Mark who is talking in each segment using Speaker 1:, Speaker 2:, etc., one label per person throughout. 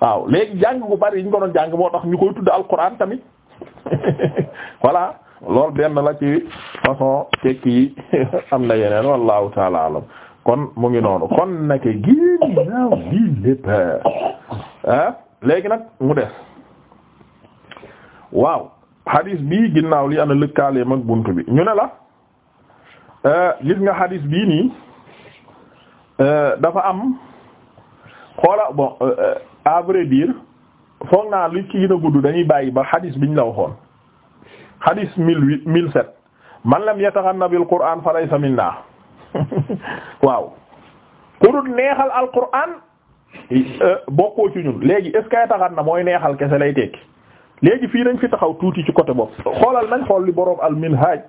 Speaker 1: waaw léegi jàng bu bari ñu ko doon jàng moo tax ñu koy tudd alquran tamit voilà loolu benn la ci façon tekki yi am na yeneen wallahu taala alam kon mu ngi noonu kon nake ginnaaw lii lépp ah ginnaaw li ana lëkkaaleem bunt bi ñu ne la eh, gis nga hadis bii nii eh, dafa am xoola bon eh, à vrai dire foog naa li ci gën a gudd dañuy bàyyi ba xadis biñ la waxoon xadis mille huit mille sept man lam yataxanna bil qur'an fa laysa minna waaw ku dul neexal al qur'an euh, bokkoo ci ñun léegi est ce na mooy neexal kese lay tekki léegi fii nañ fi taxaw tuuti ci côté bopp xoolal nañ xool li boroom al minhaj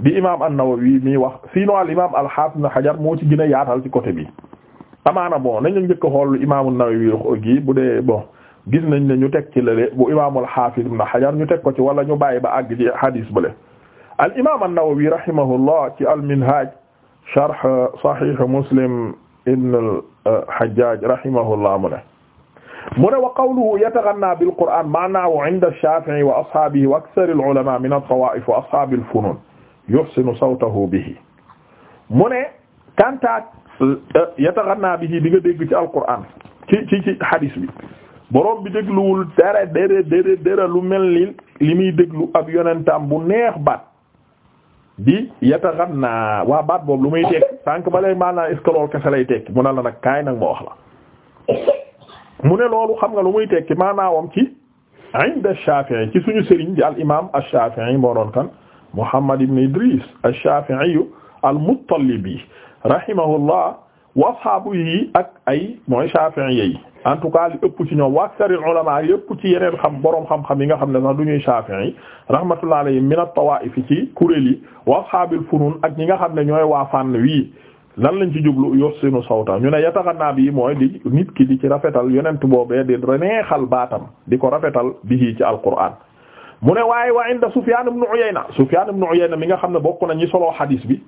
Speaker 1: bi imam an-Nawawi mi wax sinon al imam al hafiz na xajar moo ci gën a yaatal ci côté bi amaana bon nañu njëkk a xool imaamu Nawawi gi bu dee bon gis nañ ne ñu teg ci lële bu imaamul Hafiz Ibn Hajar ñu teg ko ci wala ñu bàyyi ba àgg ci hadis bële al imaam an-Nawawi rahimahullah ci al-Minhaj sharh Sahih Muslim ibn al-Hajjaj rahimahullah mu ne mu ne wa qawluhu yataghanna bil Qur'an ma'nahu 'inda ash-Shafi'i wa ashabihi wa akthar al-ulama min at-tawa'if wa ashab al-funun yuhsinu sawtahu bihi mu ne kantaak yataxanna bi di nga dégg ci alquran ci ci ci hadis bi borom bi dégluwul dara dara dara dara lu mel ni li muy déglu ab yonentam bu neex baat di yataxanna waa baat boobu lu muy tekki sànq ba lay maanaam est ce que loolu kese lay tekki mu ne la na kaay nag ma wax mu ne loolu xam nga lu muy tekki maanaawam ci inda Shafi'i ci suñu sëriñ di al imaam ash-Shafi'i moo doon kan Muhammad ibn Idris ash-Shafi'i al-Muttalibi rahimahullah wa ashaabu yi ak ay mooy Shafi'i yi en tout cas li ëpp ci ñoom wa aksaril ulama yëpp ci yeneen xam boroom xam-xam yi nga xam ne sax du ñuy Shafi'i rahmatullah alayhi min at-tawaa'if ci kuréel yi wa ashaabil funun ak ñi nga xam ne ñooy waa fànn wii lan lañ ci jublu yuhsinu sawta ñu ne yataxanna bi mooy di nit ki di ci rafetal yonent boobee di neexal baatam di ko rafetal bi ci alquran mu ne waaye wa inda Sufyan ibn Uyayna Sufyan ibn Uyayna mi nga xam ne bokk na ñi solo hadis bi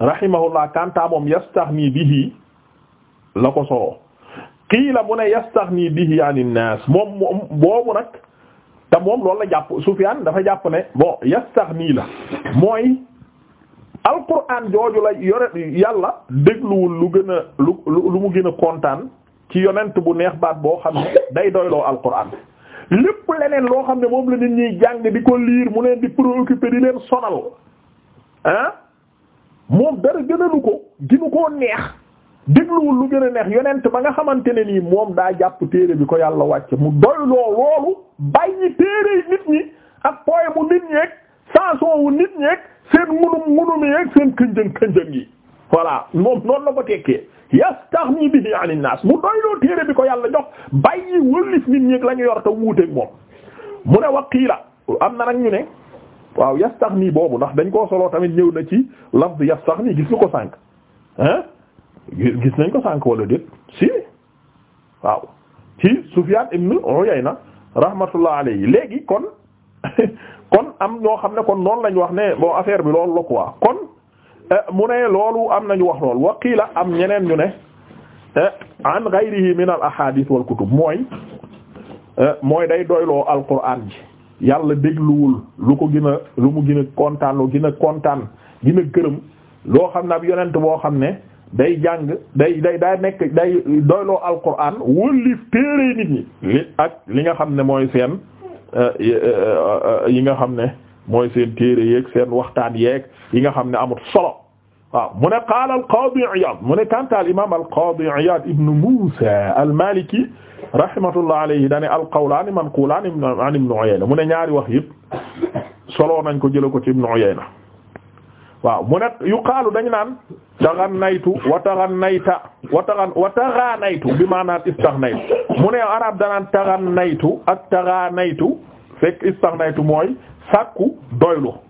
Speaker 1: rahimahullah kanta moom yastaghni bihi la ko solo la mu ne yastaghni bihi an naas moom moom boobu nag te moom loolu la jàpp Sufyaan dafa jàpp ne bon yastaghni la mooy alquran jooju la yàlla dégluwul lu gën a lu lu mu gën a kontaan ci yonent bu neex baat boo xam ne day doyloo alquran lépp leneen loo xam ne moom la nit ñuy jàng di ko liir mu leen di préoccuper di leen sonal moom dara gënalu ko ginu koo neex dégluwul lu gën a neex yonent ba nga xamante ne nii moom daa jàpp téere bi ko yàlla wàcc mu doyloo loolu bàyyi téere yi nit ñi ak pooy mu nit ñeeg chanson wu nit ñeeg seen munum munum yeeg seen kënjëng kënjëng yi voilà moom noonu la ko tekkee yastaghni bihi anin nas mu doyloo téere bi ko yàlla jox bàyyi wëlif nit ñeeg lañu ñu yor te wuuteeg moom mu ne waqiila am na nag ñu ne waaw nii boobu ndax dañ ko soloo tamit ñëw na ci lafz yastaghni gis lu ko sànq ah gis nañ ko sànq wala déet si waaw ci Sufyan ibn Uyayna rahmatullah alayhi léegi kon kon am ñoo xam ne kon noonu lañ wax ne bon affaire bi loolu la quoi kon eh, mu ne loolu am nañu wax lool waqila am ñeneen ñu ne eh, an ghayrihi min al ahadith wal kutub mooy eh, mooy day doyloo alquran ji yàlla dégluwul lu ko gën a lu mu gën kontaan lu gën kontaan gën a gërëm loo xam ne ab yonent boo xam ne day jàng day day day nekk day doyloo alquran wëllif téere nit ñi li ak li nga xam ne mooy seen euh, euh, euh, yi nga xam ne mooy seen téere yeeg seen waxtaan yeeg yi nga xam ne amut solo waaw mu ne qaala al-qaadi Iyaad mu ne kanta al-imaam al-qaadi Iyaad ibn Muusaa al-Maaliki rahmatullah alayhi dane al-qawlaani manquulaani an Ibn Uyayna mu ne ñaari wax yëpp solo nañ ko jëlee ko ci Ibn Uyayna waaw mu ne yuqaalu dañu naan taxannaytu wa taxannayta wa taxan wa taxaanaytu bi maanaan istaxnaytu mu ne arab danaan taxannaytu ak taxaanaytu fekk istaxnaytu mooy sàkku doylu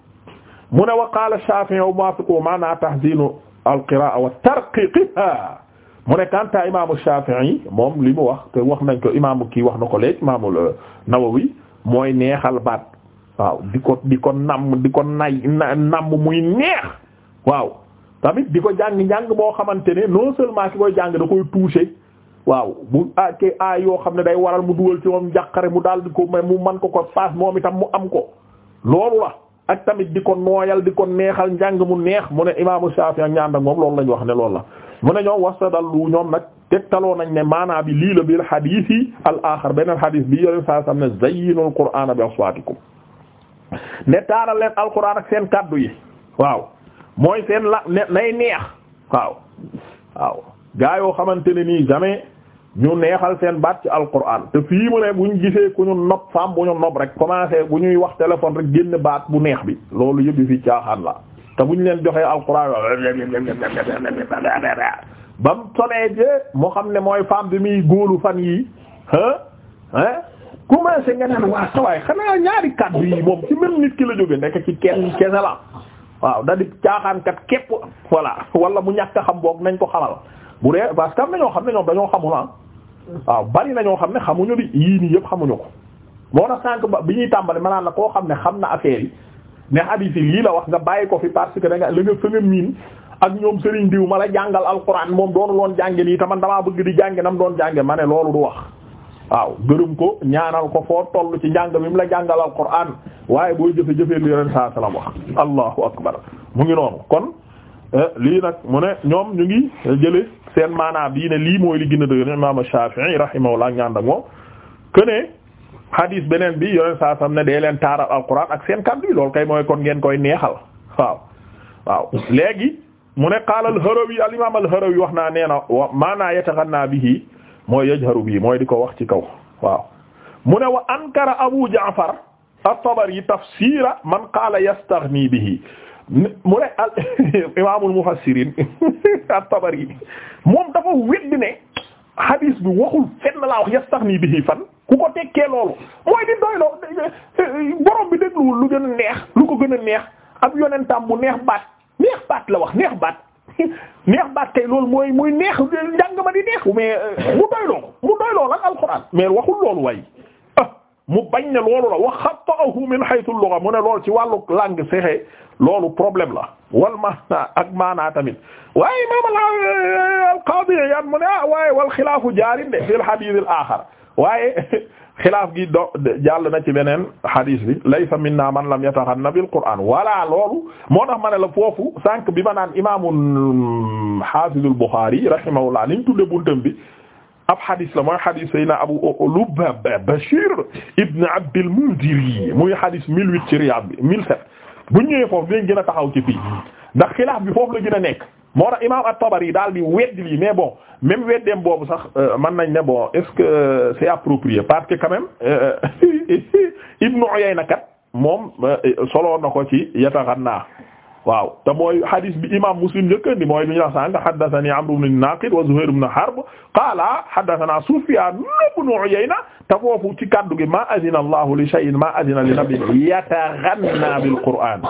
Speaker 1: mu ne wa qaala Shaafi'i wa muwaafiqu maana tahziinu al-qiraa'a wa tarqiiqihaa mu ne kanta imaamu Shaafi'i moom li mu wax te wax nañ ko imaamu kii wax na ko léegi imaamu euh, Nawawi mooy neexal baat waaw di ko di ko namm di ko nay namm muy neex waaw tamit di ko jàng njàng moo xamante ne non seulement ki koy jàng da koy toucher waaw bu ke aay yoo xam ne day waral mu dugal ci moom njàqare mu daal di ko mu man ko ko paas moom itam mu am ko loolu la ak tamit di ko nooyal di ko neexal njàng mu neex mu ne imaamu Shaafi ak ñaan ak moom loolu lañ wax ne loolu la mu ne ñoom wastadallu ñoom nag tegtaloo nañ ne maanaa bi liilo bi bil xadiis yi al aaxar beneen xadiis bi yoneen saa sam ne zayyinul qur'aana bi aswaatikum ne taaral leen alquraan ak seen kàddu yi waaw mooy seen la nay neex waaw waaw gaa yoo xamante ne nii jamais ñu neexal seen baat ci alquran te fii mu ne bu ñu gisee ku ñu nopp femme bu ñu nopp rek commencé bu ñuy wax téléphone rek génn baat bu neex bi loolu yëpp fi caaxaan la te bu ñu leen joxee alquran ba mu sonee moo xam ne mooy femme bi muy góoru fan yii ah ah commencé nga naan waa sawaay xanaa ñaari kàddu yi moom ci même nit ki la jóge nekk ci kenn kese la waaw da di caaxaankat képp voilà wala mu ñàkk xam boog nañ ko xamal bu dee parce que na ñoo xam ne ñoom dañoo xamu ah. waaw bari na ñoo xam ne xamuñu li yii nii yëpp xamuñu ko moo tax sànq ba bi ñuy tàmbali ma naan la koo xam ne xam na affaire yi ne hadith yi la wax nga bàyyi ko fi parce que da nga la nga fënga miin ak ñoom Serigne diw ma la jàngal alquran moom doonu loon jànge nii te man damaa bëgg di jànge nam doon jànge ma ne loolu du wax waaw gërëm ko ñaanal ko foo toll ci njàng mi mu la jàngal alquran waaye booy jëfe jëfee lu yeneen saa salaam wax allahu akbar mu ngi Eh, lii nag mu ne ñoom ñu ngi jële seen maanaam bii ne lii mooy li gën a dëgër imam Shafi'i rahimahullah ñaan ak moom que ne beneen bi yoneen saa sam ne dee leen taaral alquran ak seen kàddu yi loolu kay mooy kon ngeen koy neexal waaw waaw léegi mu ne qaala al-Harawi al imam al-Harawi wax naa nee na maanaa yataxannaa bihi mooy yajharu bii mooy di ko wax ci kaw waaw mu ne wa ankara Abu Ja'far at-Tabari tafsira man qaala yastaghni bihi mu ne al imaamul mufassirin at-Tabari moom dafa weddi ne hadis bi waxul fenn laa wax yastaxni bihi fan ku ko tekkee loolu mooy di doyloo borom bi dégluwul lu gën a neex lu ko gën a neex ab yonentam bu neex baat neex baat la wax neex baat neex baat kay loolu mooy muy neex njàng ma di neex mais mu doyloo mu doyloo lan alxuraan mais waxul loolu way mu bañ ne loolu la wa xata'ahu min haythu al-lugha mu ne loolu ci wàllu langue sexe loolu problème la wal maana ak maana tamit waaye imam al-Qadi Iyaad mu ne ah waaye wal xilaafu jaarin de fil hadith al-akhar waaye xilaaf gi do jàll na ci beneen hadith bi laysa minna man lam yataxanna bil Qur'an wala loolu moo tax ma ne la foofu sànq bi ma naan imaamul hafizul Bukhari rahimahullah niñ tudde buntam bi ab xadis la mooy xadis sayna Abu Lubab Bashir ibn Abd al-Mundhir muy xadis mille huit ci Riyad bi mille sept bu ñëwee foofu dinañ gën a taxaw ci fii ndax xilaaf bi foofu la gën a nekk moo tax imaam at-Tabari daal di weddi lii mais bon même weddeem boobu sax euh, mën nañ ne bon est-ce que euh, c'est approprié parce que quand même euh, Ibn Uyayna kat moom soloon na ko ci yataxannaa waaw te mooy hadith bi imam muslim njëkkandi mooy bi ñu wax sànq haddathani amr ibn naqid wa zuhair ibn harb qaala haddathana sufyan ibn uyayna te foofu ci kaddu gi ma adina allahu li shay'in ma adina li nabiyyin yataghanna bil qur'an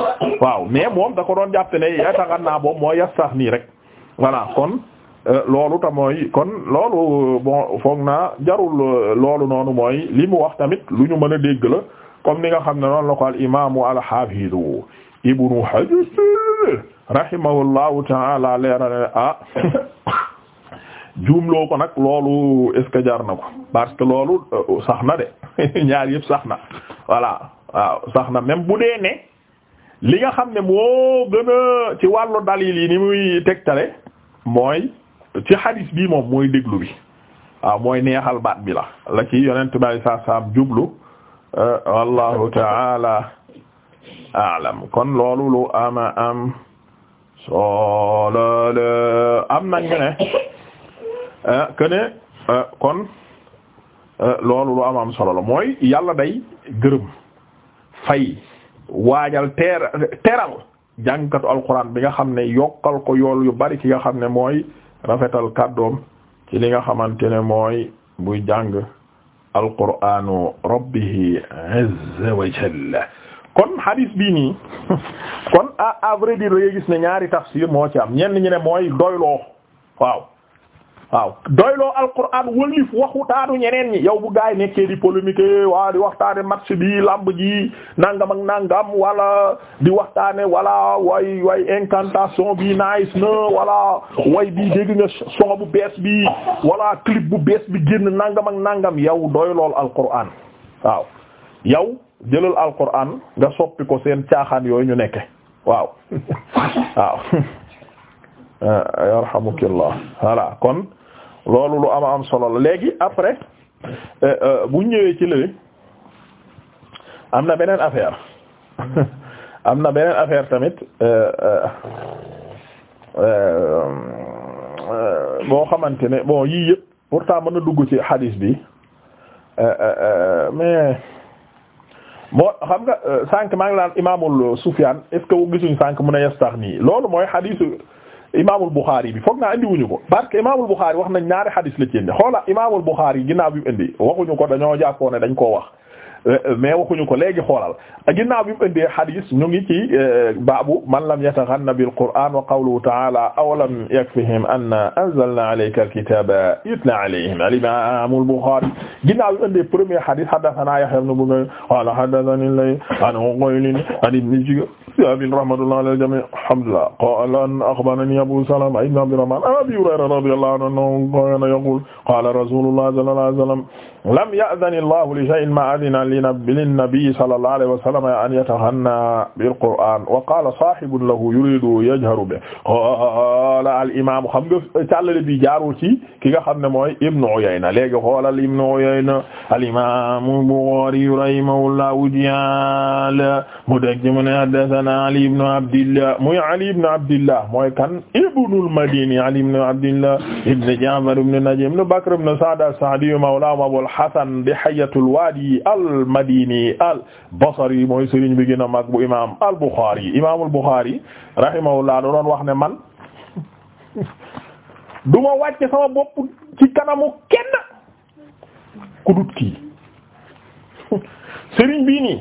Speaker 1: waaw mais moom da ko doon jàpp ne yataghanna boobu mooy yastaghni rek voilà kon euh, loolu ta mooy kon loolu bon foog jarul euh, loolu noonu mooy li mu wax tamit lu ñu mën a dégg la comme ni nga xam ne noonu la ko ibnu Hajar rahimahullahu ta'ala leerale ah juumloo ko nag loolu est-ce jar na ko parce que loolu euh, sax na de ñaar yëpp sax na voilà waaw sax na même bu dee ne li nga xam ne moo gën ci wàllu dalil yi ni muy tegtale mooy ci hadis bi moom mooy déglu bi waaw mooy neexal baat bi la la ci yonent bi saa saam jublu euh, wallahu a'lam kon loolu lu ama am solo la am nag ne kene eh, eh, kon eh, loolu lu ama am solo la mooy yàlla day gërëm fay waajal teer teeral jàngkatu alquran bi nga xam ne yokkal ko yool yu bari ci nga xam ne mooy rafetal kàddoom ci li nga xamante ne mooy buy jàng alquranu rabbihi azza wa xadiis bii nii kon à à vrai gis ne ñaari tafsir moo ci am ñenn ñi ne mooy doyloo waaw waaw doyloo alquran wëlif waxutaanu ñeneen ñi yow bu gaa yi nekkee di polémique waa di waxtaane match bi lamb ji nangam ak nangam wala di waxtaane wala way way incantation bi nice na wala way bi dégg nga son bu bees bi wala clip bu bees bi génn nangam ak nangam yow doylool alquran waaw yow jëlal alquran nga soppi ko seen caaxaan yooyu ñu nekke waaw waaw yarhamukillah voilà kon loolu lu ama am solo la léegi après euh, euh, bu ñëwee ci lële am na beneen affaire am na beneen affaire tamit euh, boo xamante ne bon yii yëpp pourtant mën a dugg ci hadis bi mais moo xam nga euh, sànq maa ngi laan imaamul Sufyaan est ce que gisuñ sànq mun a yastaxni loolu mooy xadiisu imaamul Buxaari bi foog naa indi wuñu ko parce que imaamul Buxaari wax nañ ñaari xadiis la ci indi xoola imaamul Buxaari ginnaaw bi mu indi waxuñu ko dañoo jàppoon ne dañ koo wax. Euh, mais waxuñu ko léegi xoolal ginnaaw bi mu indee hadis ñu ngi ci euh, baabu man lam yataghanna bil qur'an wa qawluhu ta'ala awalam yakfihim anna anzalna alayka al-kitaba yutla alayhim al-imam al-bukhari ginnaaw bi mu indee premier hadis hadathana yahya ibn bunayr qala hadathani lay an uqaylin an ibn shihab rahmatullahi ala al-jami' alhamdulillah qala akhbarani abu salama ibn abd al-rahman abi hurayra radiyallahu anhu kana yaqul qala rasulullah sallallahu alayhi wasallam lam ya'dani Allahu li shay'in ma adina linnabi sallallahu alayhi wa sallam an yatahanna bil Qur'an wa qala sahibun lahu yuridu yajharu bihi qala al imam xam nga càllale bi jaarul ci ki nga xam ne mooy Ibn Uyayna léegi xoolal Ibn Uyayna al imam Bukhari rahimahullahu ta'ala mu dégg mu ne haddathana Ali ibn Abdillah muy Ali ibn Abdillah mooy kan ibn al-Madini Ali ibn Abdillah ibn Ja'far ibn Najih ibn Bakr ibn Sa'd as-Sa'di mawla al-Hasan di Hayatul Wadi al-Madini al-Basri mooy sëriñ bi gën a mag bu imaam al-Bukhari imaamul Bukhari rahimahullah da doon wax ne man duma ma wàcce sama bopp ci kanamu kenn ku kii sëriñ bii nii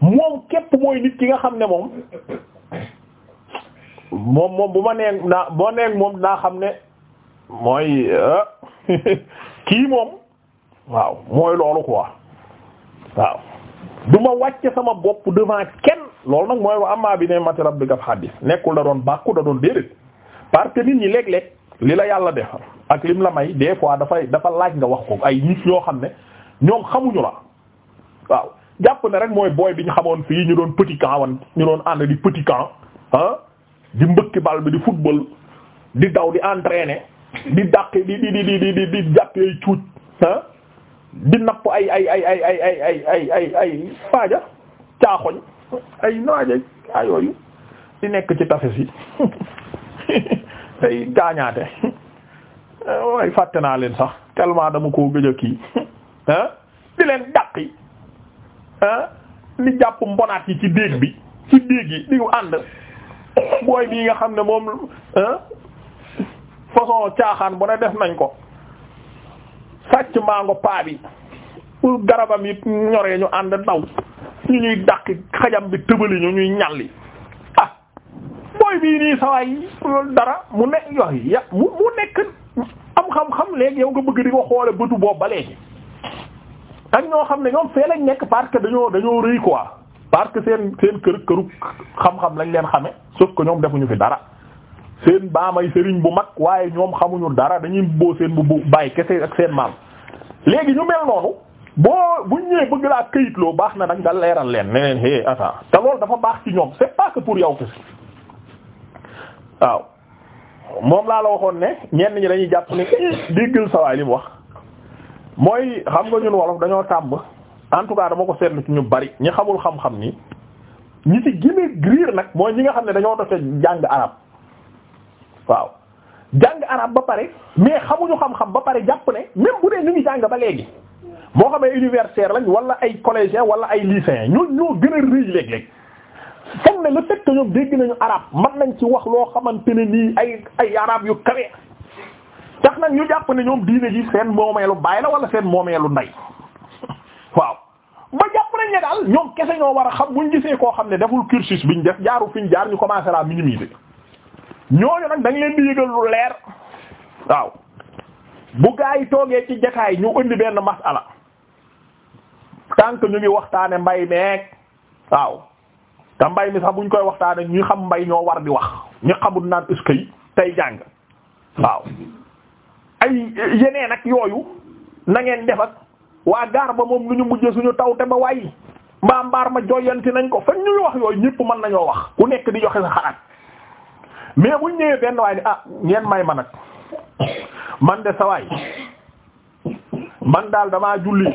Speaker 1: moom képp mooy nit ki nga xam ne moom moom moom bu ma nee naa boo nee moom naa xam ne mooy kii moom. waaw mooy loolu quoi waaw du ma wàcce sama bopp devant kenn loolu nag mooy wa amaa bi ne mati rabbika hadis nekkul da doon bàkku da doon déedéet parce que nit ñi léeg-léeg li la yàlla defal ak lim la may des fois dafay dafa laaj nga wax ko ay nit yoo xam ne ñoom xamuñu la waaw jàpp ne rek mooy booy bi ñu xamoon fii ñu doon petit camp wan ñu doon ànd di petit camp ah di mbëkki bal bi di football di daw di entraîner di dàq di di di di di di jàpp di napp ay ay ay ay ay ay ay ay ay ay faaja caaxoñ ay naaje di nekk ci tafes yi ay gaañaate eh, waaye fàtte naa leen sax tellement dama koo gëj a kii di leen dàq yi di jàpp mbonaat yi ci déeg bi ci déeg yi di ànd booy bii nga xam ne moom façon caaxaan bu ne def nañ ko sàcc mango paa bi pour garabam yi ñoree ñu ànd daw ñu ñuy dàq xajam bi tëbali ñu ñuy ñalli ah mooy bii nii sawaay dara mu nekk yox ya mu mu nekk am xam-xam léegi yow nga bëgg di ko xoole bëtu boobu ba léegi ak ñoo xam ne ñoom fee lañ nekk parce que dañoo dañoo rëy quoi parce que seen seen kër këru xam-xam lañ leen xame sauf ko ñoom defuñu fi dara seen baamay sëriñ bu mag waaye ñoom xamuñu dara dañuy boo seen bu bu bàyyi kese ak seen maam léegi ñu mel noonu boo bu ñëwee bëgg laa këyitloo baax na nag nga leeral leen ne leen hé ata te loolu dafa baax ci ñoom c'est pas pour yow kese waaw moom laa la waxoon ne ñenn ñi dañuy jàpp ne eh, déggal sawaay li mu wax mooy xam nga ñun wolof dañoo tàmb en tout cas dama ko seetlu ci ñu bari ñi xamul xam-xam nii ñi ci gën a nag mooy ñi nga xam ne dañoo doon jàng arab waaw jàng arab ba pare mais xamuñu xam-xam ba pare jàpp ne même bu dee ñu ngi jàng ba léegi moo xam ne universitaire lañ wala ay collégien wala ay lycéen ñoo ñoo gën a rëy léeg-léeg foog ne le fait que ñoom dégg nañu arab man nañ ci wax loo xamante ne nii ay ay arab yu kawe tax nag ñu jàpp ne ñoom diine ji seen lu baay la wala seen moomeelu ndey waaw ba jàpp nañ ne daal ñoom kese ñoo war a xam buñ gisee koo xam ne deful cursus biñ def jaaru fiñ jaar ñu commencé la minimiser ñooñu nag dañ leen di yëgal lu leer waaw bu gaa yi toogee ci jataay ñu indi benn masala tant ñu ngi waxtaane mbay meeg waaw te mbay mi sax buñ koy waxtaane ñu xam mbay ñoo war di wax ñu xamul naan est-ce tey jàng waaw ay yeneen ak yooyu na ngeen def ak waa gaar ba moom lu ñu mujje ñu taw te ba waay mbaa mbaar ma joyanti nañ ko fan ñuy wax yooyu ñépp mën nañoo wax ku nekk di yoxe sa xalaat mais bu ñëwee benn waay ni ah ngeen may ma nag man de sa man daal damaa julli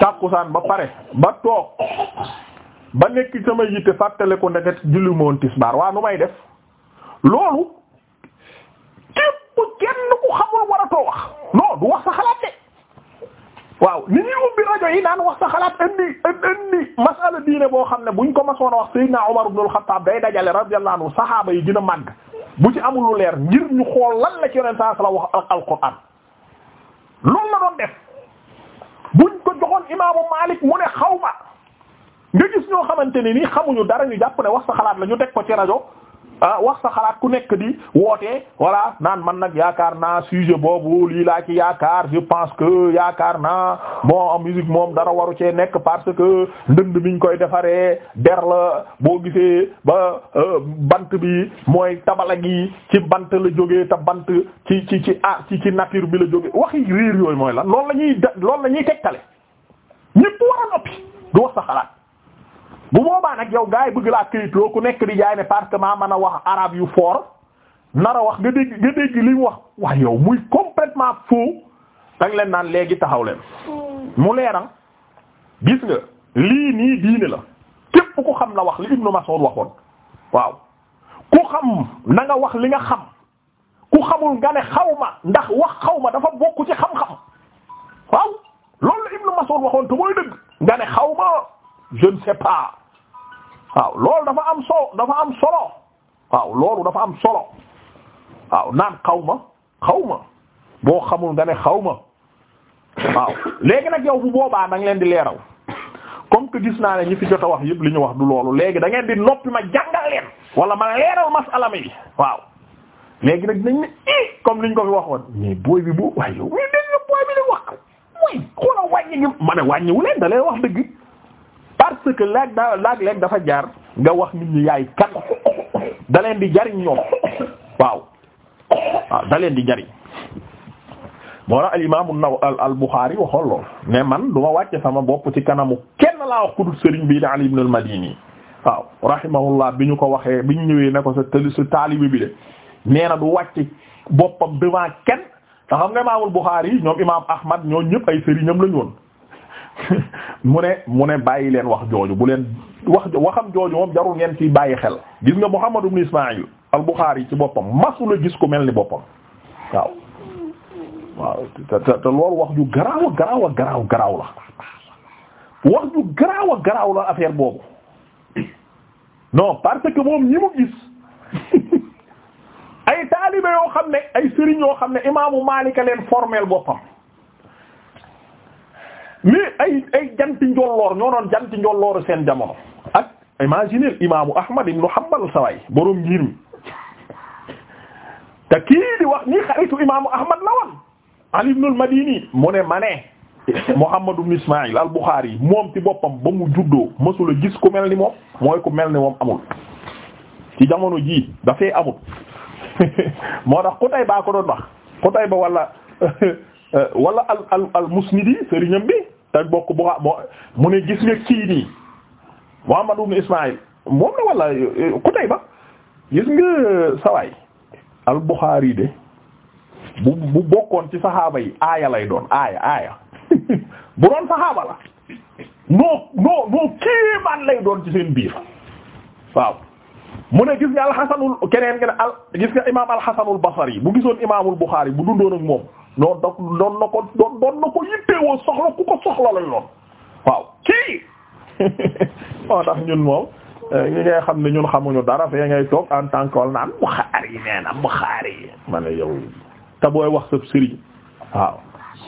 Speaker 1: tàkkusaan ba pare ba toog ba nekk sama yitte fàttale ko ndeket julli moon tisbaar waa nu may def loolu képp kenn ku xamul waratoo wax non wax sa xalaat de waaw ni ñuy ubbi rajo yi naan wax sa xalaat indi indi masala diine boo xam ne buñ ko masoon a wax Seydina Umar ibn al-Khattab day dajale radiyallahu anhu saxaaba yi dina màgg bu ci amul lu leer ngir ñu xool lan la ci yoneen saa sala wax ak alquran loolu doon def buñ ko joxoon imaamu Malik mu ne xaw ma nga gis ñoo xamante ni nii xamuñu dara ñu jàpp ne wax sa xalaat la ñu teg ko ci rajo ah wax sa xalaat ku nekk di woote voilà naan man nag yaakaar naa sujet boobu lii laa ci yaakaar je pense que yaakaar naa bon musique moom dara waru cee nekk parce que ndënd miñ koy defaree der boo gisee ba euh, bant bi mooy tabala gi ci bant la jógee te bant ci ci ci ah ci ci nature bi la jógee waxi riir yooyu mooy lan loolu la ñuy loolu la ñuy tegtale ñépp war a noppi du wax sa xalaat bu boobaa nag yow gars yi bëgg laa këyitloo ku nekk di jaay ne parce man a wax araab yu foor nar a wax nga dégg nga dégg li mu wax waaye yow muy complètement foo danga leen naan léegi taxaw leen hmm. mu leeral gis nga lii nii diine la képp ku xam na wax li Ibnu Mas'ud waxoon waaw ku xam na wax li nga xam ku xamul nga ne xaw ma ndax wax xaw ma dafa bokk ci xam-xam waaw loolu Ibnu Mas'ud waxoon te mooy dëgg nga ne xaw ma je ne sais waaw loolu dafa am solo am solo waaw loolu dafa am solo waaw naan xaw ma xaw ma boo xamul nga ne xaw ma waaw léegi nag yow bu boobaa da nga leen di leeraw comme que gis naa ne ñi fi jot a wax yëpp li ñu wax du loolu léegi da ngeen di noppi ma jàngal leen wala ma leeral masala mi waaw léegi nag dinañ ne i comme liñ ko fi waxoon mais booy bi bu waaye yow muy dégg booy bi di wax mooy xoola wàññi gi ma ne wàññiwu leen da leen wax dëgg parce que léeg da léeg dafa jaar nga wax nit ñi yaay kat da di jariñ ñoom waaw daleen da leen di jariñ moo tax al imaamu naw al al Buxaari waxoon lool ne man du ma wàcce sama bopp ci kanamu kenn laa wax ku dul sëriñ bii di Ali ibn al Madini waaw rahimahullah bi ñu ko waxee bi ñu ñëwee ne ko sa tali sa bi de nee na du wàcc boppam devant kenn te xam nga imaamul Buxaari ñoom imaam Ahmad ñoo ñëpp ay sëriñam lañu woon. mu ne mu ne bàyyi leen wax jooju bu leen wax waxam jooju moom jarul ngeen ci bàyyi xel gis nga Muhammad ibn Ismaïl al-Bukhari ci boppam masula gis ku mel ni boppam waaw waaw te te te loolu wax ju garaaw a garaaw a la wax ju garaaw garaaw la affaire boobu non parce que moom ñi mu gis ay taalibe yoo xam ne ay sëriñ yoo xam ne imaamu Maalik a leen formel boppam mais ay ay janti njolloor ñoo doon janti njollooru seen jamono ak imaginer imaamu Ahmad ibn Hanbal saway borom ngir mi te kii wax nii xaritu imaamu Ahmad la woon Ali ibn al-Madini mu ne ma ne Muhammad ibn Ismaïl al-Bukhari moom ci boppam ba mu juddoo mësula gis ku mel ni moom mooy ku mel ni moom amul ci jamono jii dafay amul moo tax ku baa ko doon wax ku ba wala wala al al al musnidi sëriñam bi te bokk bu moo mu ne gis nga kii nii Muhammad ibn Ismaïl moom la wala Qutayba gis nga sawaay al-Bukhari de bu bu bokkoon ci saxaaba yi aaya lay doon aaya aaya bu doon saxaaba la noo lay doon ci seen biir waaw mu ne gis nga alxasanul keneen nga ne al gis nga imaam alxasanul basari bu gisoon imaamul buxaari bu dundoon ak moom noonu da doon na ko doon doon na ko yittewoo soxla ku ko soxla eh, xam ne ñun xamuñu dara fee ngay toog en tant que wal naan buxaari yow te booy wax sab sëriñ waaw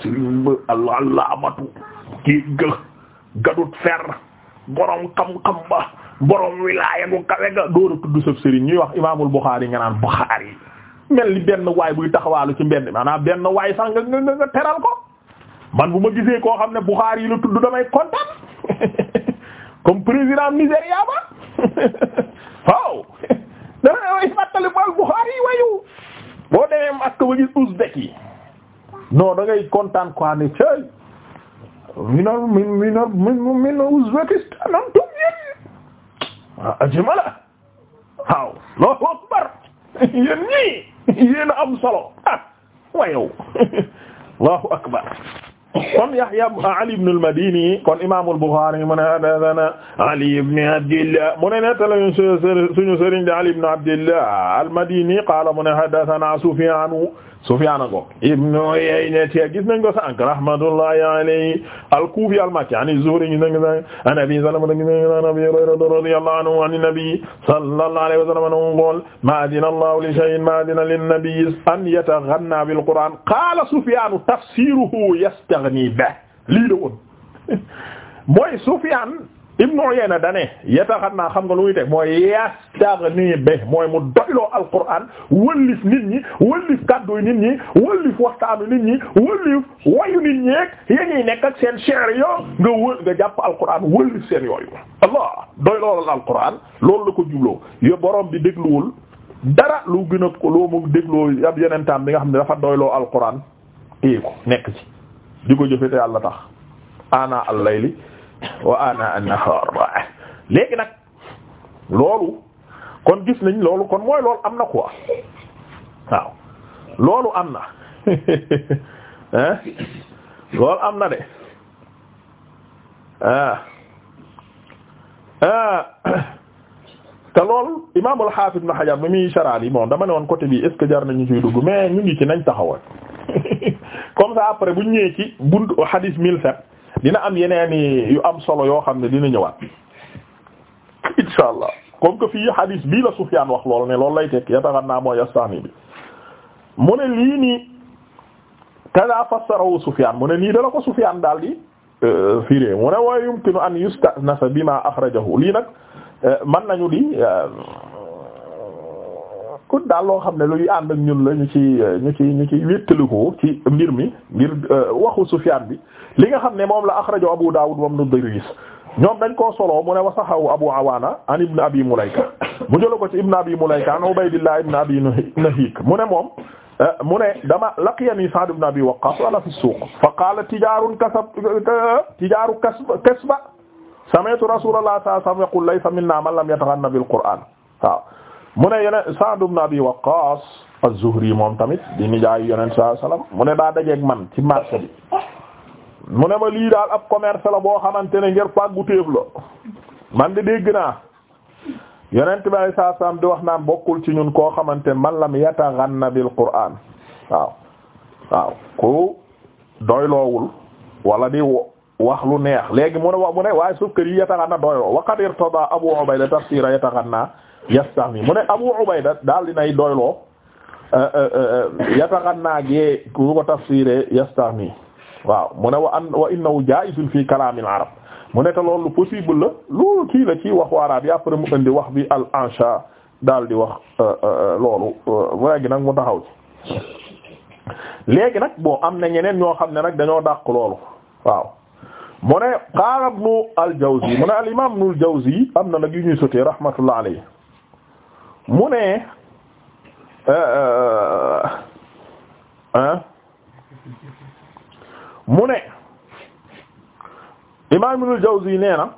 Speaker 1: sëriñ ba allah laamatu kii gë gadut fer borom xam-xam ba borom wilaaya gu kawe ga door tudd sëf sëriñ ñuy wax imaamul Buxaari nga naan Buxaari mel ni benn waay buy taxawaalu ci mbedd maanaam benn waay sax nga nga nga teral ko man bu ma gisee koo xam ne Buxaari yi la tudd damay kontaan comme président Nigeria ba waaw dana way fàttali bool Buxaari yi wayu boo demee Makka ba gis Ouzbek yi non da ngay kontaan quoi ne cay mi no mi mi Ah, ajmala waaw Allahu akbar yéen ñii yéen a am solo ah wayow Allahu akbar kon Yahya ah, Ali ibn al-Madini kon Imam al-Bukhari mu ne haddathana Ali ibn Abdillah mu ne nettala suñu sëriñ de Ali ibn Abdillah al-Madini qala mu ne haddathana Sufyan Sufyaan ko ibnu Uyayna gis nañ ko sànq rahmatullahi alayhi al-Kufi al-Makki an az-Zuhri gis nañ ko sànq an Abi Salama gis nañ ko an Abi Hurayra radiyallahu anhu an an-Nabi sallallahu alayhi wa sallam qaala ma adina Allahu li shay'in ma adina lin-nabiyyi an yataghanna bil-Qur'an qaala Sufyaan tafsiruhu yastaghni bihi lii la woon mooy Sufyaan Ibnu Uyayna dane yataxannaa xam nga lu muy teg mooy yastaghni be mooy mu doyloo Alquraan wëllif nit ñi wëllif kàdduy nit ñi wëllif waxtaanu nit ñi wëllif wayu nit ñi ak ya nekk ak seen shi'r yo nga wël nga jàpp Alquraan wëllif seen yooyu Allah doyloo Alquraan loolu la ko jubloo yo borom bi dégluwul dara lu gën a ko loo mu dégloo ab yenentaan bi nga xam ne dafa doyloo Alquraan téye ko nekk ci di ko jëfe te yàlla tax wa ana an-nahar léegi nag loolu kon gis nañ loolu kon mooy lool am na quoi waaw loolu am na hein lool am na de ah ah te loolu imaam al-Hafiz Ibn bi muy saraal yi bon dama ne woon côté bi est jar nañu ciy dugg mais ñu ngi ci nañ taxawal comme ça après bu ñu ñëwee ci buntu hadith mille sept dina am yeneen yu am solo yoo xam ne dina ñëwaat insha allah comme que fii hadis bii la Sufyaan wax lool ne loolu lay tekk yataxan naa mooy astaani bi mu ne lii nii kada fassarahu Sufyaan mu ne nii dala ko Sufyaan daal di euh, firé mu ne wa yumkinu an yustanasa bima axrajahu lii nag euh, man nañu di euh, kon daal loo xam ne luy ànd ak ñun la ñu ci ñu ci ñu ci ko ci mbir mi ngir euh, waxu Sufyaan bi li nga xam ne moom la axrajo Abu Daawud wa Ibnu Diriis ñoom dañ ko soloo mu ne wa saxaw Abu Awaana an Ibn Abi Mulayka mu jëla ko ci Ibn Abi Mulayka an Ubaydillah ibn Abi mu ne moom euh, mu ne dama laqiyani Sa'd ibn Abi Waqqaas ala fi suuq fa qaala tijaarun kasab tijaaru kasba sami'tu Rasuulallaah sallallaahu alayhi wa sallam yaqul laysa minnaa man lam yataghanna bil Qur'aan waaw mu ne yeneen Sa'd ibn Abi Waqqas az-Zuhri moom tamit di nijaay yeneen saa salaam mu ne daa dajeeg man ci marché bi mu ne ma lii daal ab commerce la boo xamante ne ngir pàggu téef la man di dégg naa yeneen tubaab saa salaam di wax naan bokkul ci ñun koo xamante man lam yataghanna bil Qur'an waaw waaw ku doyloowul wala di wax lu neex léegi mu ne wa mu ne waaye suuf kër yi yataghanna doyloo wa qad irtada Abu Ubayda tafsira yataghanna yastahni mu ne Abu Ubayda daal dinay doyloo euh, euh, euh, yataxannaa gee ku ko tafsiree yastahni waaw mu ne wa an wa innahu jaa'izun fi kalaamil arab mu ne te loolu possible la loolu kii la ci wax waaraab yi après mu indi wax bi al ansha daal di wax loolu léegi nag mu taxaw léegi nag bon am na ñeneen ñoo xam ne nag dañoo dàq loolu waaw mu ne qaala ibnu al Jawzi mu ne al imaam ibnu al Jawzi am na nag yu ñuy sotee rahmatullah alayhi mu ne euh, euh, euh, mu ne imaam Ibnul Jawzi nee na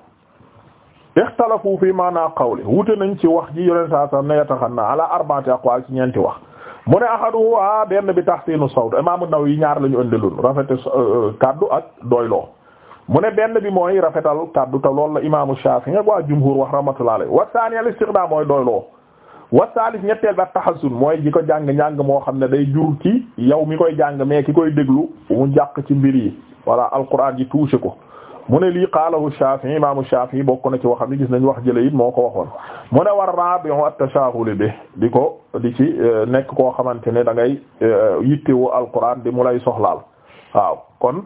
Speaker 1: ixtalafu fi maana qawli wute nañ ci wax ji yoneen saa sax na yataxanna ala ak aqwaal ci ñeenti wax mu ne ahadu a benn bi tahsinu sawt imaam an yi ñaar la ñu ëndiloon rafete kàddu ak doyloo mu ne benn bi mooy rafetal kaddu te loolu la imaamu Shaafi'i ak waa jumhuur wax rahmatullahi alayhi wa thani al-istiqdaam mooy doyloo wa saalis ñetteel at taxasun mooy ji ko jàng njàng moo xam ne day jur ci yow mi koy jàng mais ki koy déglu mu jàq ci mbir yi voilà alquran ji touché ko mu ne lii qaalahu Shafi'i imaamu Shafi'i bokk na ci waxam ni gis nañ wax jële it moo ko waxoon mu ne war rabi'u at-tashaaghul bi di ko di ci e, nekk koo xamante ne da ngay e, yittewoo alquran di mu lay soxlaal waaw kon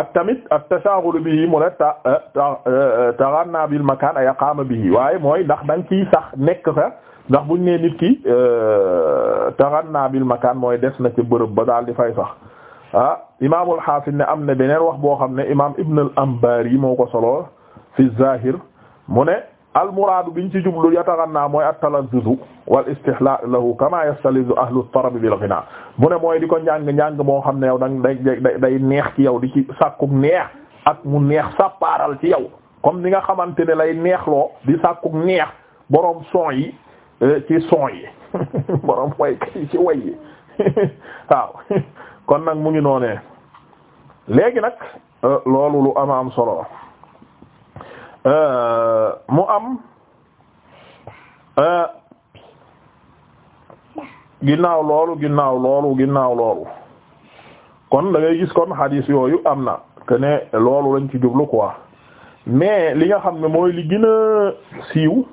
Speaker 1: ak tamit at-tashaaghul bi mu ne ta e, taxanna bil makaan ay aqaama bihi waaye mooy ndax da nga ciy sax nekk fa ndax buñ nee nit ki euh, taxannaa bil makaan mooy des na ci bërëb ba daal di fay sax ah imaamul xaafis ne am na beneen wax boo xam ne imaam Ibn al Anbari yi moo ko solo fi zahir mu ne al muraadu biñ ci jublu ya taxannaa mooy at-talazzuzu wal istihlaa lahu kamaa yastalizu ahlu tarab bil ghinaa mu ne mooy di ko njàng njàng moo xam ne yow da day day neex ci yow di ci sàkku neex ak mu neex sàppaaral ci yow comme ni nga xamante ne lay neex loo di sàkku neex borom son yi. Eh, ci son yi borom wayka yi ci way yi waaw kon nag mu ngi noonee léegi nag eh, loolu lu am am solo eh, mu am ginnaaw loolu ginnaaw loolu ginnaaw loolu kon dangay gis kon xadiis yooyu am na que ne loolu lañ ci jublu quoi mais li nga xam ne mooy li gën siiw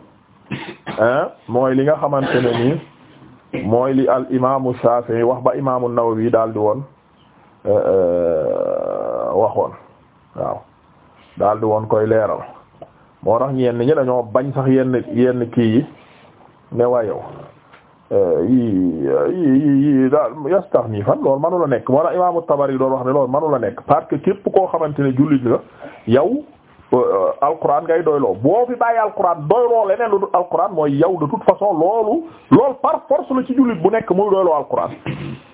Speaker 1: mooy li nga xamante ne nii mooy li al imaamu Shafi'i wax ba imaamu Nawawi daal di woon eh, eh, waxoon waaw daal di woon koy leeral moo tax ñeen ñenn ñi dañoo bañ sax yenn yenn kii yi ne waa yow eh, yii yii yii daal yastaghni fan loolu mënu la nekk moo tax imaamu yi doon wax ne loolu mënu la nekk parce que képp koo xamante ne jullit la yow. Euh, alquran ngay doyloo boo fi bàyyi alquran doyloo leneen lu dul alquran mooy yow de toute façon loolu loolu par force la ci jullit bu nekk muy doyloo alquran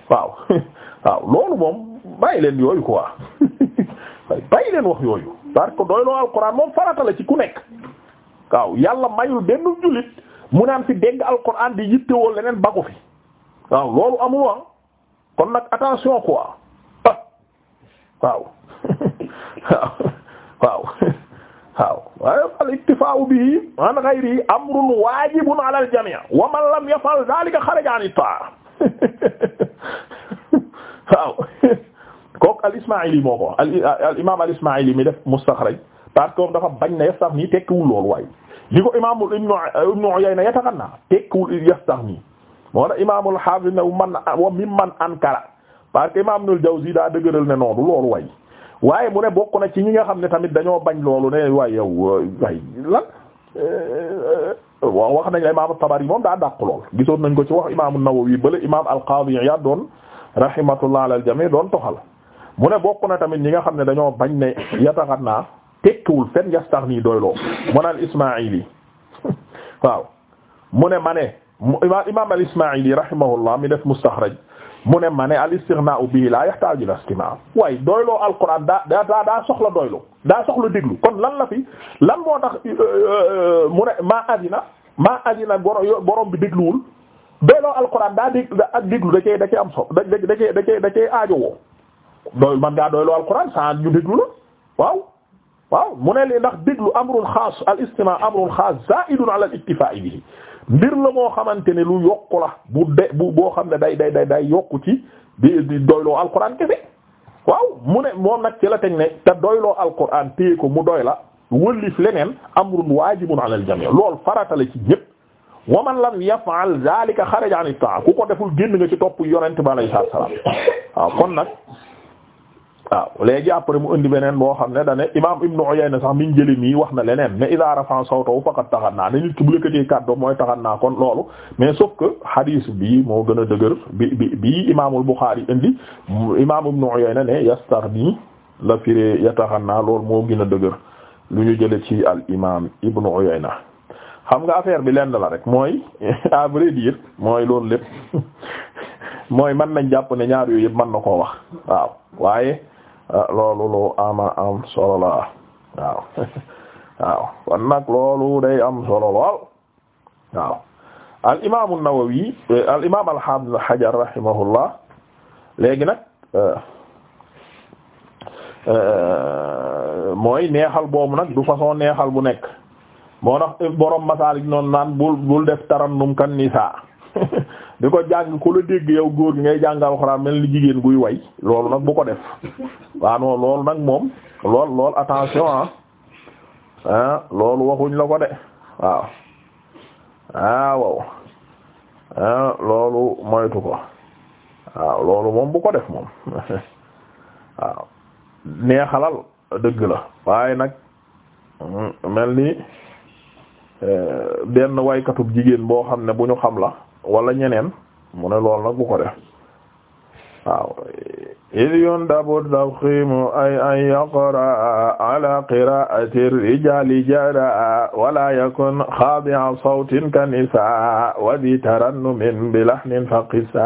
Speaker 1: waaw waaw loolu moom bàyyi leen yooyu quoi bàyyi leen wax yooyu parce que doyloo alquran moom farata la ci ku nekk waaw yàlla mayul benn jullit mu naan fi dégg alquran di yittewoo leneen bagu fi waaw loolu amul woon kon nag attention quoi waaw waaw waaw. waaw waaye al iktifaa bihi an ghayrihi amrun waajibun ala al jamii wa man lam yafal dhalika kharaja an at-ta'a waaw kooku al ismaa'ili moo ko al imaam al ismaa'ili mi def mustaxraj parce que moom dafa bañ na yastaghnii tekkiwul loolu waaye li ko imaam ibnu Uyayna yataxanna tekkiwul yastaghnii moo tax imaamul haafiz ne man wa mimman ankara parce que imaam ibnul Jawzi daa dëgëral ne noonu loolu way waaye mu ne bokk na ci ñi nga xam ne tamit dañoo bañ loolu ne waaye yow waaye euh, lan euh, euh, wax nañ la imaamu Tabari moom daa dàq lool gisoon nañ ko ci wax imaamu Nawawi bële imaam al-Qaadi Iyaad doon rahmatullah alal jami doon toxal mu ne bokk na tamit ñi nga xam ne dañoo bañ ne yataxannaa tekkiwul fenn yastaxni doyloo mu ne al Ismaa'ili waaw mu ne ma ne imaam al Ismaa'ili rahimahullah mi def mustaxraj mu ne ma ne al istighna'u bihi la yahtaju ila istima' waaye doyloo alquran daa daa daa soxla doyloo daa soxla déglu kon lan la fi lan moo tax euh, euh, mu ne maa adina maa adina borom bi dégluwul doyloo alquran daa dégg ak déglu da cee da cee am so da da cee da cee da cee aajowoo doy man ngaa doyloo alquran saa ñu déglu la waaw. waaw mu ne li ndax déglu amrun xaas al istima' amrun xaas zaa'idun ala al iktifaa'i bihi mbir la moo xamante ne lu yokk la bu de bu boo xam ne day day day day yokku ci di di doyloo alquran kese waaw mu ne moom nag ci la teg ne te doyloo alquran téye ko mu doy la wëllif leneen amrun waajibun ala al jami' loolu farata la ci ñépp wa man lam yaf'al zalika xaraja an at-ta'a ku ko deful génn nga ci topp yonent bi alayhi salaam waaw kon nag waaw jàpp après mu indi beneen boo xam ne dane imam ibnu Uyayna sax miñ jëli nii wax na leneen mais iza rafa sawtahu faqad taxannaa ne nit ki bu yëkkatee kàddu mooy taxannaa kon loolu mais sauf que hadis bii moo gën a dëgër bi bi bii imaamul Buxaari indi imam ibnu Uyayna ne yastaghni la firee yataxannaa loolu moo gën a dëgër lu ñu jële ci al imam ibnu Uyayna xam nga affaire bi lenn la rek mooy à mooy loolu lépp mooy mën nañ jàpp ne ñaar yooyu yëpp mën na koo wax Ah, loolu lu ama am solo la waaw waaw kon nag loolu day am solo lool waaw al imaam an-Nawawi eh, al imaam al-Hafiz Hajar rahimahullah léegi nag eh, eh, mooy neexal boobu nag du façon neexal bu nekk moo tax borom masaalik noonu naan bul bul def tarannum di ko jàng ku la dégg yow góor gi ngay jàng alxuraan mel ni jigéen guy way loolu nag bu ko def waaw noonu loolu nag moom lool lool attention ah ah loolu waxuñ la ko de ah loolu moytu ko waaw loolu moom bu ko def moom waaw neexalal dëgg la waaye nag mm, mel ni eh, benn waykatub jigéen boo xam ne bu ñu xam la wala ñeneen mu ne lool nag bu ko def waaw id yundabu tafximu ay an yaqra ala qiraati rijali jara wala yakun xaadia sawtin ka nisa wa di tarannumin bi lahnin faqisa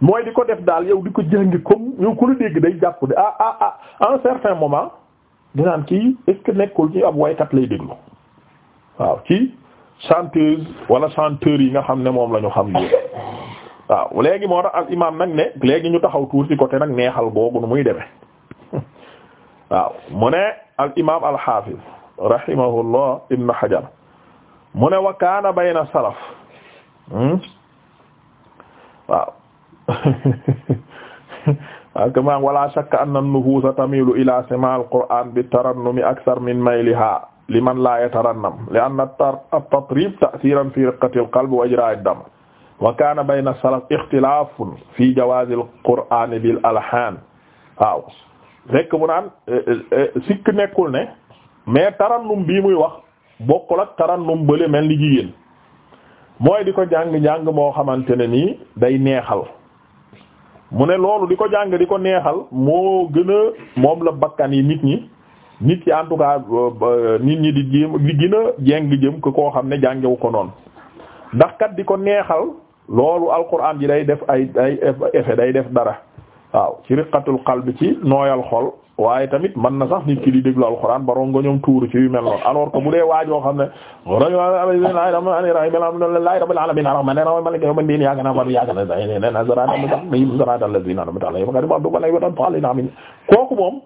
Speaker 1: mooy di ko def daal yow di ko jàngi comme yow ku la dégg day jàpp de ah ah ah à un moment dinaan kii est-ce que nekkul ci ab waykat lay déglu waaw ci chanteuse wala chanteur yi nga xam ne moom lañu xam ni waaw léegi moo tax al imaam nag ne léegi ñu taxaw tuur ci côté nag neexal googu nu muy demee waaw mu ne al imaam al xaafiz rahimahullah ibn hajar mu ne wa kaana bayna salaf hmm? waaw parce que maa wala shakka anna an-nufuusa tamiilu ila sama al qur'aan bi tarannumi akthar min mayliha li man la yatarannam li anna at-tatrib ta'thiran fi riqqati al-qalb wa ijra'i ad wa kana bayna as-salaf fi jawaz al-qur'an bil waaw fekk mu naan eh, eh, eh, sikk nekkul ne mais tarannum bi muy wax bokk ak tarannum bële mel ni jigéen mooy di ko jàng-jàng moo xamante ne nii day neexal mu ne loolu di ko jàng di ko neexal moo gën a moom la bakkan yi nit ñi nit ki en tout cas euh, euh, nit ñi di jéem di gën a jeng jëm ko koo xam ne jàngewu ko noonu ndax kat di ko neexal loolu alquran ji day def ay ay day def dara waaw ci riqatul qalbi ci nooyal xol waaye tamit mën na sax nit ki di déglu alquran baroon nga ñoom tuuru ci yu mel noonu alors que bu dee waajoo xam ne da na saratalai naamtala kooku moom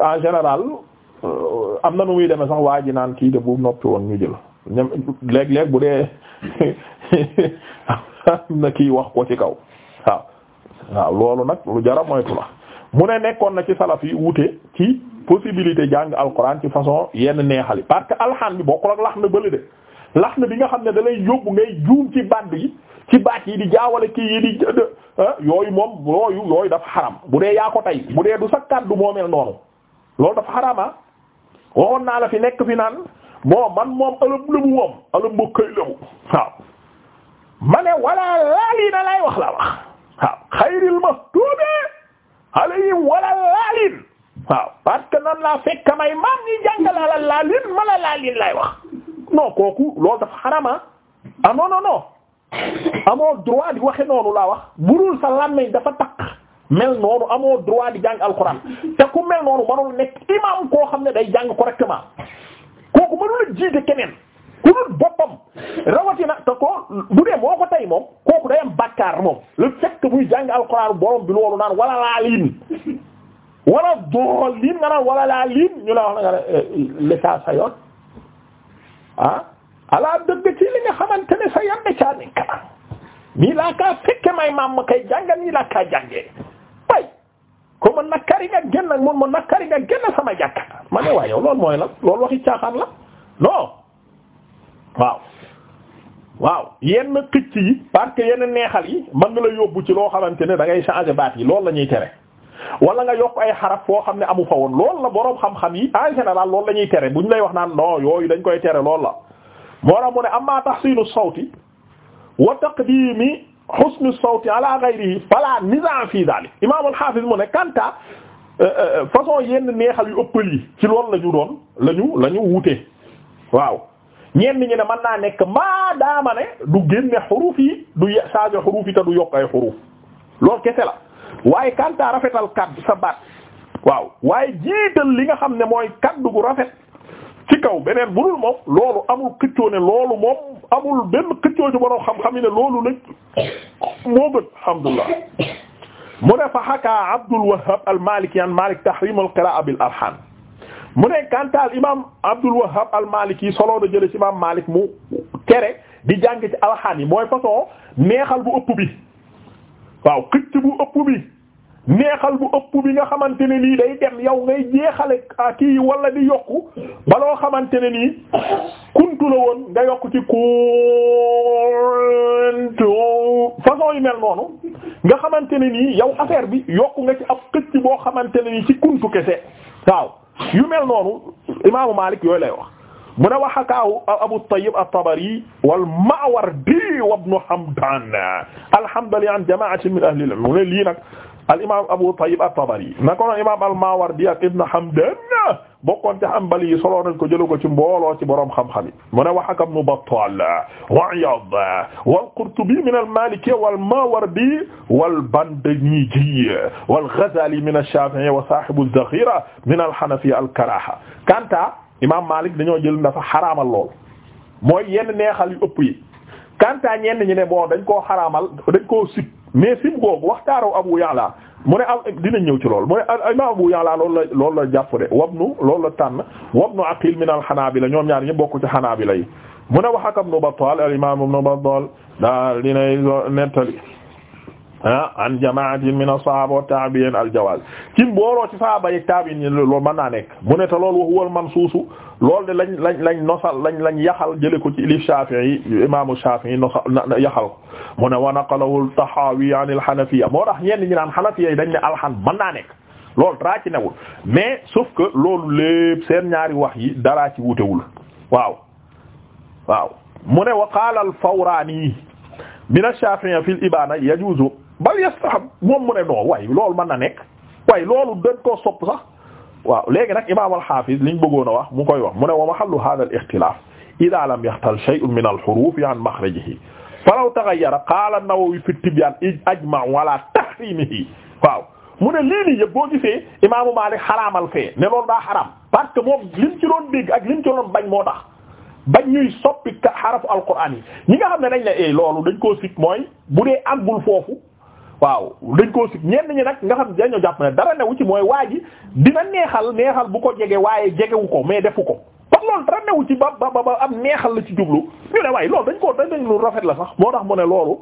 Speaker 1: en général euh, am na nu muy demee sax waa ji naan kii de bu noppi woon ñu jël ñam léeg-léeg bu dee na kii wax ko ci kaw waaw waaw loolu nag lu jara moytu la mu ne nekkoon na ci salaf yi wute ci possibilité jàng alquran ci façon yenn neexali parce que alxaan bi bokkul ak lax na bële de lax na bi nga xam ne da lay yóbbu ngay juum ci band yi ci baat yi di jaawale kii yi di ah, yooyu moom yooyu yooyu dafa xaram bu dee yaa ko tey bu dee du sa kàddu moomeel noonu loolu dafa xarama ah. waxoon naa la fi nekk fi naan bon man moom ëllëg lëbu moom ëllëg moo koy lëbu waaw ma ne wala laaliin a lay wax la wax waaw xayril maxtuubi alayhim wala laaliin waaw parce que laa fekk may maam ñi jàngal la laaliin ma la laaliin lay wax non kooku loolu dafa xarama ah. ah non non non amoo droit di waxe noonu laa wax burul sa làmmiñ dafa takk mel noonu amoo droit di jàng alxuraan te ku mel noonu manul nekk imam koo xam ne day jàng correctement kooku mënul a jiite keneen ku dul boppam rawatina te ko bu dee moo ko tey moom kooku day am bakkaar moom le fait muy jàng alxuraan borom bi loolu naan wala laaliin wala doolin nga naan wala laaliin ñu la wax na nga ne eh, l'état sa yoon ah alaa dëgg ci li nga xamante ne sa yande caa nekk nii laa kaa fekke may maam ma kay jàngal nii laa kaa jàngee bay ko ma nakari nga génn ak moom ma nakari nga génn sama jàkka ma ne waaye yow loolu mooy la loolu waxi caaxaan la non waaw waaw yenn xicc yi parce que neexal yi man na la yóbbu ci loo xamante ne da ngay changer baat yi loolu la ñuy tere wala nga yokk ay xarab foo xam ne amu fa woon lool la boroom xam-xam yi en général loolu la ñuy tere buñ lay wax naan noo yooyu dañ koy tere loolu la moo tax mu ne amma tahsinu sawti wa taqdimi husnu sawti ala ghayrihi fala nizaa fi dalik imam al-hafiz mu ne kanta euh, euh, euh, façon yenn neexal yu ëppal yi ci lool la ñu doon lañu ñu wute waaw ñenn ñi ne mën naa nekk maa daama ne du génne xuruf yi du changé xuruf yi te du yokk ay xuruf loolu kese la waaye kanta rafetal kaddu sa waaw waaye jiital li nga xam ne mooy kaddu gu rafet ci kaw beneen bu dul moom loolu amul xëccoo ne loolu moom amul benn xëccoo ci borom xam-xam yi ne loolu nag moo gën alhamdulillah mu ne fa xakaa Abdul Wahhab al-Maliki an Malik tahrim al mu ne kantaal imaam Abdul Wahhab al solo na jële ci imaam Malik mu tere di jàng ci alxaan yi mooy façon neexal bu ëpp bi waaw xëcc bu ëpp bi neexal bu ëpp bi nga xamante ne nii day dem yow ngay jeexale kii wala di yokku baloo xamante ne nii kuntu la woon nga yokku ci kuntu façon yu mel noonu nga xamante ne nii yow affaire bi yokku nga ci ab boo xamante ne nii ci kuntu kese waaw yu mel noonu imaamu Maalik yooyu lay wax mu ne wax akaaw Abu Tayyib at-Tabari wal Ma'wardi wa Ibn Hamdan alhamdulillah an jama'atin min ahli al mu ne lii nag al imaam Abu Tayyib at-Tabari na ko noon imaam al-Mawardi ak Ibn Hamdan bokkoon ca Hanbali yi solo nañ ko jëlu ko ci mbooloo ci borom xam-xam yi mu ne wax ak Ibn Battal wa Iyad wal Qurtubi min al-Maliki wal Mawardi wal Bandaniji wal Ghazali min ash-Shafi'i wa sahibu az-Zakhira min al-Hanafi al-Karaha kanta imaam Malik dañoo jël dafa xaraamal lool mooy yenn neexal yu ëpp yi. kantaa ñenn ñi ne boo dañ koo xaraamal dañ koo sib mais sib googu waxtaaroo Abu Ya'la mu ne am dinañ ñëw ci loolu mu ne imam Abu Ya'la loolu la loolu la jàpp de wabnu loolu la tànn wabnu Aqil min al-Hanabila ñoom ñaar ñi bokk ci Hanabila yi mu ne wax ak Ibn Battal al imam Ibn Battal daal dinay nettali ah an jamaatin min as-sahaba wa tabi'in al-jawaz ci mbooloo ci sahaaba yi tabi'in yi loolu mën naa nekk mu ne te loolu wax wal mansuusu loolu de lañ lañ lañ nosal lañ lañ yaxal jële ko ci li Shafi'i imaamu Shafi'i nosal yaxal ko mu ne wa naqalahu al-Tahawi an al-Hanafiyya moo tax ñenn ñi naan Hanafiyya yi dañ ne alxan mën naa nekk loolu dara ci newul mais sauf que loolu lépp seen ñaari wax yi daraa ci wutewul waaw waaw mu ne wa qaala al-Fawraani min ash-Shafi'i fi al-Ibaana yajuuzu bal yastahab moom mu ne non waaye loolu mën na nekk waaye loolu dañ koo sopp sax waaw léegi nag imaam al-Hafiz liñ bëggoon a wax mu koy wax mu ne wa mahallu hadha al-ikhtilaf idha lam yahtal shay'un min al-huruf an makhrajihi falaw taghayyara qala an-Nawawi fi at-tibyan ajma'u ala tahrimihi waaw mu ne lii nii yëpp boo gisee imaamu Maalik xaraamal ne loolu daa xaraam parce que moom lim ci doon ak lim ci doon bañ moo tax bañ ñuy soppi xarafu alquraan yi ñi nga xam ne dañ ne eh, loolu dañ koo sit mooy bu dee àggul foofu waaw dañ koo sib ñenn ñi nag nga xam dañoo jàpp ne dara newu ci mooy waa ji dina neexal neexal bu ko jege waaye jegewu ko mais defu ko kon loolu dara newu ci ba ba ba am neexal la ci jublu ñu ne waaye loolu dañ ko dañ lu rafet la sax moo tax mu ne loolu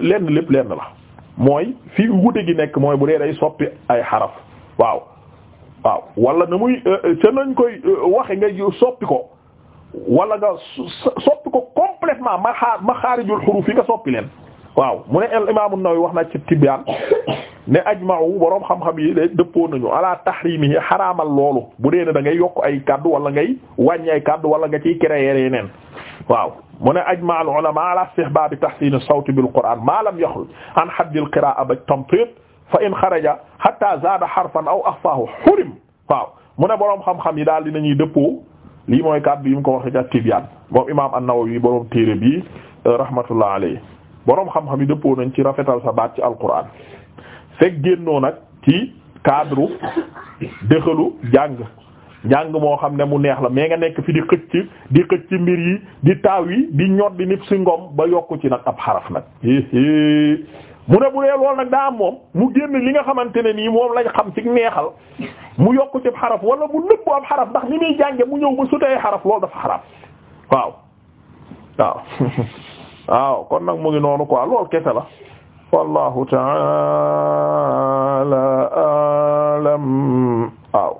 Speaker 1: lenn lépp lenn la mooy fii wute gi nekk mooy bu dee day soppi ay xaraf waaw waaw wala na muy euh, euh, ca nañ koy euh, waxe nga soppi ko wala nga soppi ko complètement ma xaa ma xaarijul xuruf yi nga soppi leen waaw mu ne al imaamu Nawawi wax na ci Tibyaan ne ajma'u boroom xam-xam yi de dëppoo nañu ala tahrimihi xaraamal loolu bu dee ne da ngay yokk ay kaddu wala ngay wàññi ay kaddu wala nga ciy créer yeneen waaw mu ne ajma'u al ulama ala istihbaabi tahsin as-sawt bil qur'an ma lam yaxruj an hadd al qira'a bi tamtiit fa in xaraja hatta zaada harfan aw axfaahu xurim waaw mu ne boroom xam-xam yi daal dinañuy dëppoo lii mooy kaddu yi mu ko waxee ca Tibyaan moom imaam an-Nawawi boroom téere bi rahmatullah alayhi boroom xam-xam yi dëppoo nañ ci rafetal sa baat ci alquran fekk génnoo nag ci cadre dëxalu jàng jàng moo xam ne mu neex la mais nga nekk fi di xëcc di xëcc mbir yi di taaw yi di ñot di nip si ngom ba yokku ci nag ab xaraf nag mu ne bu dee lool nag daa am moom mu génn li nga xamante ne nii moom lañ xam ci neexal mu yokku ci xaraf wala mu nëbbu ab xaraf ndax ni muy jànge mu ñëw ba sutee xaraf loolu dafa xaraf waaw waaw waaw kon nag mu ngi noonu quoi lool kese la wallahu ta'ala waaw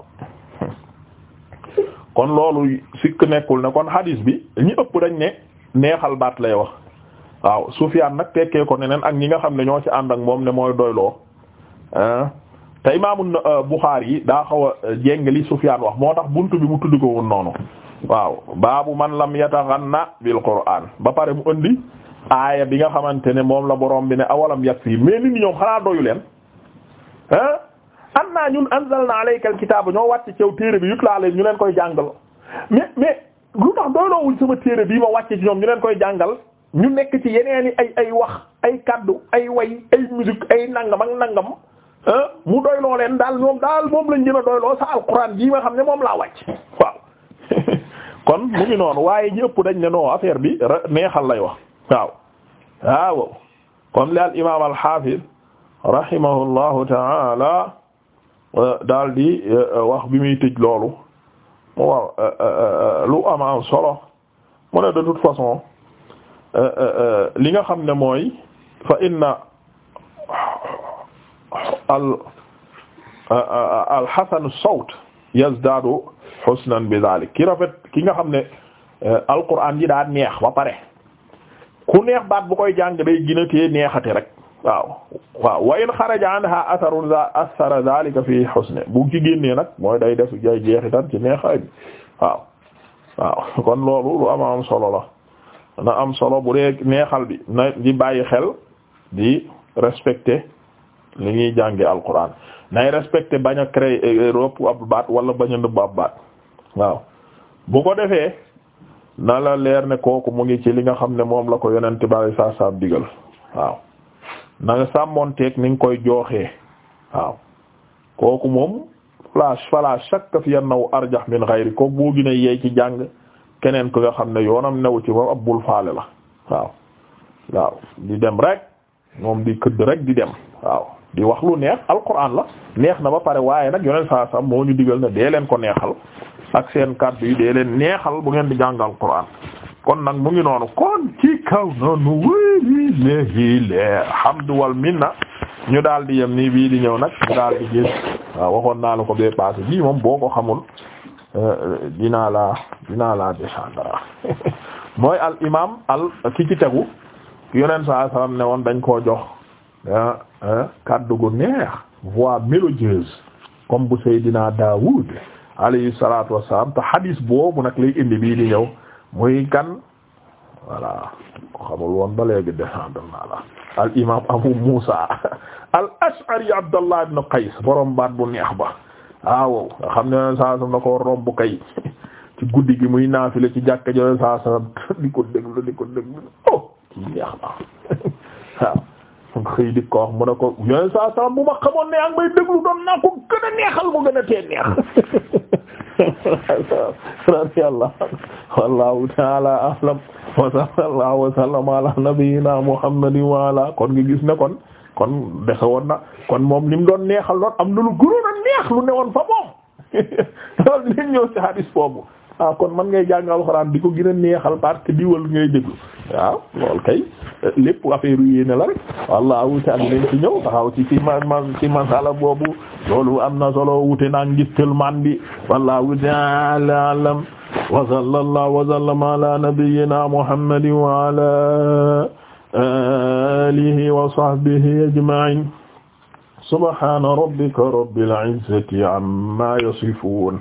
Speaker 1: kon loolu sikk nekkul ne kon hadis bi ñi ëpp dañ ne neexal baat lay wax waaw Sufyaan nag tekkee ko neneen ak ñi nga xam ne ñoo ci ànd ak moom ne mooy doyloo te imaamu Buxaari yi daa xaw a jéng li Sufyaan wax moo tax buntu bi mu tudd ko woon noonu waaw baabu man la lam yataghanna bil qur'an ba pare mu andi aaya bi nga xamante ne moom la borom bi ne awalam yakfi mais nit ñi ñoom xanaa doyu leen ah naa ñun anzalna alayka alkitaaba ñoo wàcc ci yow téere bi yutla leen ñu leen koy jàngal mais mais lu tax doyloowuñ sama téere bii ma wàcc ci ñoom ñu leen koy jàngal ñu nekk ci yeneeni ay ay wax ay kàddu ay way ay musique ay nangam ak nangam mu doyloo leen daal moom daal moom lañ gën a doyloo sa alquran bii nga xam ne moom laa wàcc kon mu ngi noonu waaye ñëpp dañ ne non affaire bi neexal lay wax waaw waaw comme li al imaam al haafid rahimahullahu taala euh, daal di euh, wax bi muy tëj loolu mu wax euh, lu am am solo mu ne de toute façon li nga xam ne mooy fa inna al al hasan sawt yazdaadu husnan bi zalik ki rafet ki nga xam ne euh, alquran yi daa neex ba pare ku neex baat bu koy jàng day gën a tee rek waaw waaw wa in xaraja anha atharu athara zalika fi husni bu ci génnee nag mooy day def jay jeexitan ci neexaay bi waaw waaw kon loolu lu am am solo la na am solo bu dee neexal bi na di bàyyi xel di respecte li ñuy jànge alquran nay respecté bañ a créer ropp ab baat wala bañ a nëbb ab baat waaw bu ko defee na la leer ne kooku mu ngi ci li nga xam ne moom la ko yonent bari saa saab digal waaw na sàmmoon sàmmoonteeg ni nga koy jooxee waaw kooku moom flash fala shakka fi annahu arjah min ghayri ko boo gën a yeey ci jàng keneen ko nga xam ne yoonam newu ci moom ab bul faale la waaw waaw di dem rek moom di këdd rek di dem waaw di wax lu neex alquran la neex na ba pare waaye nag yoneen saa sam moo ñu digal ne dee leen ko neexal ak seen kàddu yi dee leen neexal bu ngeen di jàng alquran kon nag mu ngi noonu kon ci kaw noonu wéyi léegi leer hamdu wal minna ñu daal di yem nii bii di ñëw nag ñu daal di gis waaw waxoon naa la ko bee passé bii moom boo ko xamul dinaa la dinaa la descendre mooy al imam al ki ci tegu yoneen saa sallam ne woon dañ koo jox Ah, ah, kàddu gu neex voix mélodieuse comme bu Seydina Daawud alayhi salaatu wassalaam te hadis boobu nag lay indi bii di ñëw muy kan voilà xamul woon ba léegi descendre naa la al imam Abu Muusa al Ash'ari Abdallah bu neex ba ah, waaw nga xam ne saasam na ko romb kay ci guddi gi muy naafile ci jàkka jole saasam di ko déglu di ko déglu oh kii neex na xëy di ko wax mu ne ko yooyu saa saa bu ma xamoon ne ak may déglu doon naa ko gën a neexal mu gën a tee neex radiyallahu wallahu ta'ala a'lam wa sallallahu wa sallama ala nabiyyina muhammadin kon nga gis ne kon kon dese woon na kon moom lim doon neexal lool am na lu gënoon a neex lu ne woon fa moom loolu dinañ ñëw ci hadis boobu ah kon man ngay jàng alxuraan di ko gën a neexal parce que diwal ngay déglu waaw lool kay lépp affaire yéene la rek walla wute ak leen ci ñëw taxaw ci ci ma ci masala boobu loolu am na solo wute naa ngis tëlmaan bi wallahu ta'ala alam wa sallallahu wa sallama ala nabiyyina muhammadin wa ala alihi wa sahbihi ajma'in subhana rabbika rabbil izzati amma yasifun